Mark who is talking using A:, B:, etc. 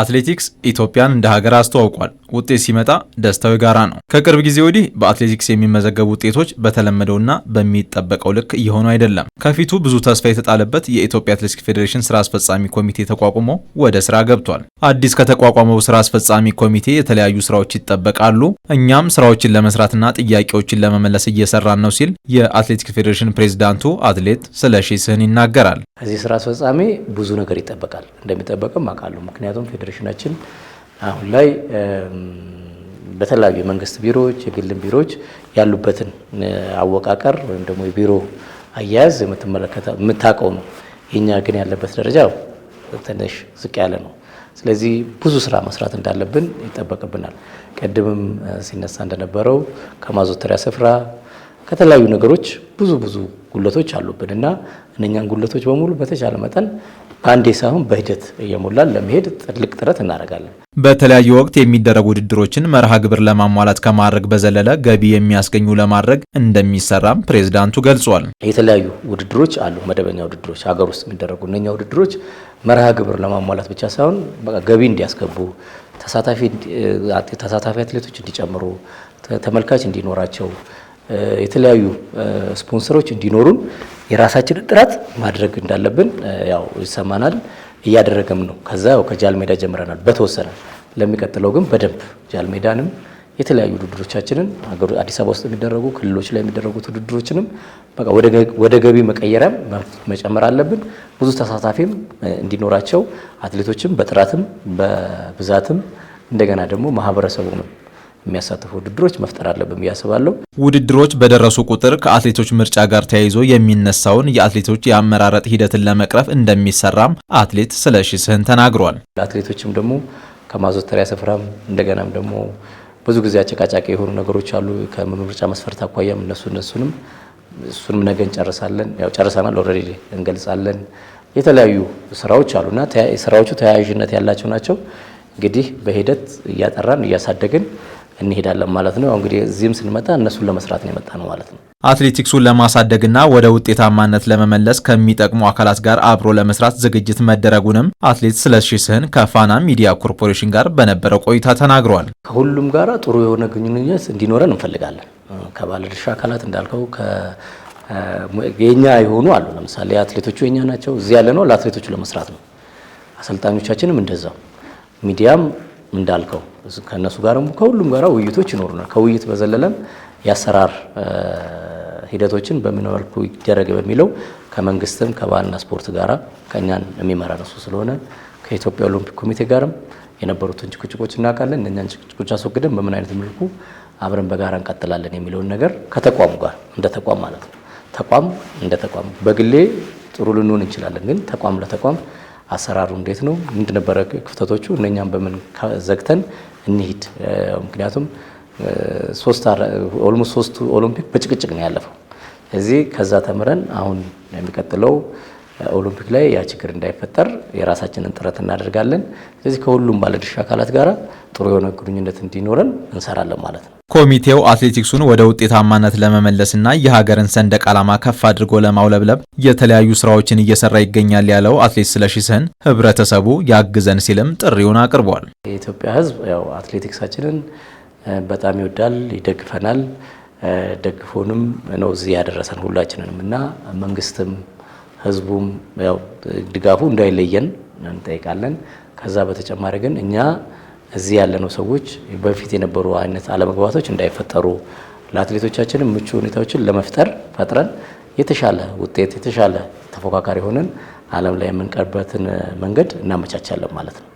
A: አትሌቲክስ ኢትዮጵያን እንደ ሀገር አስተዋውቋል። ውጤት ሲመጣ ደስታው የጋራ ነው። ከቅርብ ጊዜ ወዲህ በአትሌቲክስ የሚመዘገቡ ውጤቶች በተለመደውና በሚጠበቀው ልክ እየሆኑ አይደለም። ከፊቱ ብዙ ተስፋ የተጣለበት የኢትዮጵያ አትሌቲክስ ፌዴሬሽን ስራ አስፈጻሚ ኮሚቴ ተቋቁሞ ወደ ስራ ገብቷል። አዲስ ከተቋቋመው ስራ አስፈጻሚ ኮሚቴ የተለያዩ ስራዎች ይጠበቃሉ። እኛም ስራዎችን ለመስራትና ጥያቄዎችን ለመመለስ እየሰራን ነው ሲል የአትሌቲክስ ፌዴሬሽን ፕሬዚዳንቱ አትሌት ስለሺ ስህን ይናገራል።
B: እዚህ ስራ አስፈጻሚ ብዙ ነገር ይጠበቃል። እንደሚጠበቅም አውቃለሁ። ምክንያቱም ፌዴሬሽናችን አሁን ላይ በተለያዩ የመንግስት ቢሮዎች፣ የግልም ቢሮዎች ያሉበትን አወቃቀር ወይም ደግሞ የቢሮ አያያዝ የምታውቀው ነው። የኛ ግን ያለበት ደረጃ ትንሽ ዝቅ ያለ ነው። ስለዚህ ብዙ ስራ መስራት እንዳለብን ይጠበቅብናል። ቅድምም ሲነሳ እንደነበረው ከማዘውተሪያ ስፍራ ከተለያዩ ነገሮች ብዙ ብዙ ጉለቶች አሉብን እና እነኛን ጉለቶች በሙሉ በተቻለ መጠን አንዴ ሳይሆን በሂደት እየሞላን ለመሄድ ትልቅ ጥረት እናደርጋለን።
A: በተለያዩ ወቅት የሚደረጉ ውድድሮችን መርሃ ግብር ለማሟላት ከማድረግ በዘለለ ገቢ የሚያስገኙ ለማድረግ እንደሚሰራም ፕሬዝዳንቱ ገልጿል።
B: የተለያዩ ውድድሮች አሉ፣ መደበኛ ውድድሮች ሀገር ውስጥ የሚደረጉ እነኛ ውድድሮች መርሃ ግብር ለማሟላት ብቻ ሳይሆን ገቢ እንዲያስገቡ፣ ተሳታፊ አትሌቶች እንዲጨምሩ፣ ተመልካች እንዲኖራቸው የተለያዩ ስፖንሰሮች እንዲኖሩን የራሳችንን ጥረት ማድረግ እንዳለብን ያው ይሰማናል፣ እያደረገም ነው። ከዛ ያው ከጃል ሜዳ ጀምረናል በተወሰነ ለሚቀጥለው ግን በደንብ ጃል ሜዳንም የተለያዩ ውድድሮቻችንን አዲስ አበባ ውስጥ የሚደረጉ ክልሎች ላይ የሚደረጉት ውድድሮችንም በቃ ወደ ገቢ መቀየሪያም መጨመር አለብን። ብዙ ተሳታፊም እንዲኖራቸው አትሌቶችም በጥራትም በብዛትም እንደገና ደግሞ ማህበረሰቡንም የሚያሳትፉ ውድድሮች መፍጠር አለብን እያስባለሁ።
A: ውድድሮች በደረሱ ቁጥር ከአትሌቶች ምርጫ ጋር ተያይዞ የሚነሳውን የአትሌቶች የአመራረጥ ሂደትን ለመቅረፍ እንደሚሰራም አትሌት ስለሺ ስህን ተናግሯል።
B: ለአትሌቶችም ደግሞ ከማዞተሪያ ስፍራም እንደገናም ደግሞ ብዙ ጊዜ አጨቃጫቂ የሆኑ ነገሮች አሉ። ከምርጫ መስፈርት አኳያም እነሱ እነሱንም እሱንም ነገ እንጨርሳለን፣ ያው ጨርሰናል፣ ኦልሬዲ እንገልጻለን። የተለያዩ ስራዎች አሉና ስራዎቹ ተያያዥነት ያላቸው ናቸው። እንግዲህ በሂደት እያጠራን እያሳደግን እንሄዳለን ማለት ነው። እንግዲህ እዚህም ስንመጣ እነሱን ለመስራት ነው የመጣ ነው ማለት ነው።
A: አትሌቲክሱን ለማሳደግና ወደ ውጤታማነት ለመመለስ ከሚጠቅሙ አካላት ጋር አብሮ ለመስራት ዝግጅት መደረጉንም አትሌት ስለሺ ስህን ከፋና ሚዲያ ኮርፖሬሽን ጋር በነበረው ቆይታ ተናግሯል።
B: ከሁሉም ጋር ጥሩ የሆነ ግንኙነት እንዲኖረን እንፈልጋለን። ከባለድርሻ አካላት እንዳልከው የእኛ የሆኑ አሉ። ለምሳሌ አትሌቶቹ የኛ ናቸው። እዚህ ያለ ነው ለአትሌቶቹ ለመስራት ነው። አሰልጣኞቻችንም እንደዛው ሚዲያም እንዳልከው ከእነሱ ጋርም ከሁሉም ጋር ውይይቶች ይኖሩናል። ከውይይት በዘለለም የአሰራር ሂደቶችን በምን መልኩ ይደረግ በሚለው ከመንግስትም ከባህልና ስፖርት ጋር ከእኛን የሚመራ እሱ ስለሆነ ከኢትዮጵያ ኦሎምፒክ ኮሚቴ ጋርም የነበሩትን ጭቅጭቆች እናውቃለን። እነኛን ጭቅጭቆች አስወግደን በምን አይነት መልኩ አብረን በጋራ እንቀጥላለን የሚለውን ነገር ከተቋሙ ጋር እንደ ተቋም ማለት ነው። ተቋም እንደ ተቋም በግሌ ጥሩ ልንሆን እንችላለን፣ ግን ተቋም ለተቋም አሰራሩ እንዴት ነው፣ ምንድን ነበረ ክፍተቶቹ፣ እነኛም በምን ዘግተን እንሂድ። ምክንያቱም ኦልሞስት ሶስቱ ኦሎምፒክ በጭቅጭቅ ነው ያለፈው። ስለዚህ ከዛ ተምረን አሁን የሚቀጥለው ኦሎምፒክ ላይ ያ ችግር እንዳይፈጠር የራሳችንን ጥረት እናደርጋለን። ስለዚህ ከሁሉም ባለድርሻ አካላት ጋር ጥሩ የሆነ ግንኙነት እንዲኖረን እንሰራለን ማለት ነው።
A: ኮሚቴው አትሌቲክሱን ወደ ውጤታማነት ለመመለስና የሀገርን ሰንደቅ ዓላማ ከፍ አድርጎ ለማውለብለብ የተለያዩ ስራዎችን እየሰራ ይገኛል ያለው አትሌት ስለሺ ስህን ህብረተሰቡ ያግዘን ሲልም ጥሪውን አቅርቧል።
B: የኢትዮጵያ ህዝብ ያው አትሌቲክሳችንን በጣም ይወዳል፣ ይደግፈናል። ደግፎንም ነው እዚህ ያደረሰን ሁላችንንም እና መንግስትም ህዝቡም ያው ድጋፉ እንዳይለየን እንጠይቃለን። ከዛ በተጨማሪ ግን እኛ እዚህ ያለነው ሰዎች በፊት የነበሩ አይነት አለመግባባቶች እንዳይፈጠሩ ለአትሌቶቻችንም ምቹ ሁኔታዎችን ለመፍጠር ፈጥረን የተሻለ ውጤት የተሻለ ተፎካካሪ ሆነን ዓለም ላይ የምንቀርበትን መንገድ እናመቻቻለን ማለት ነው።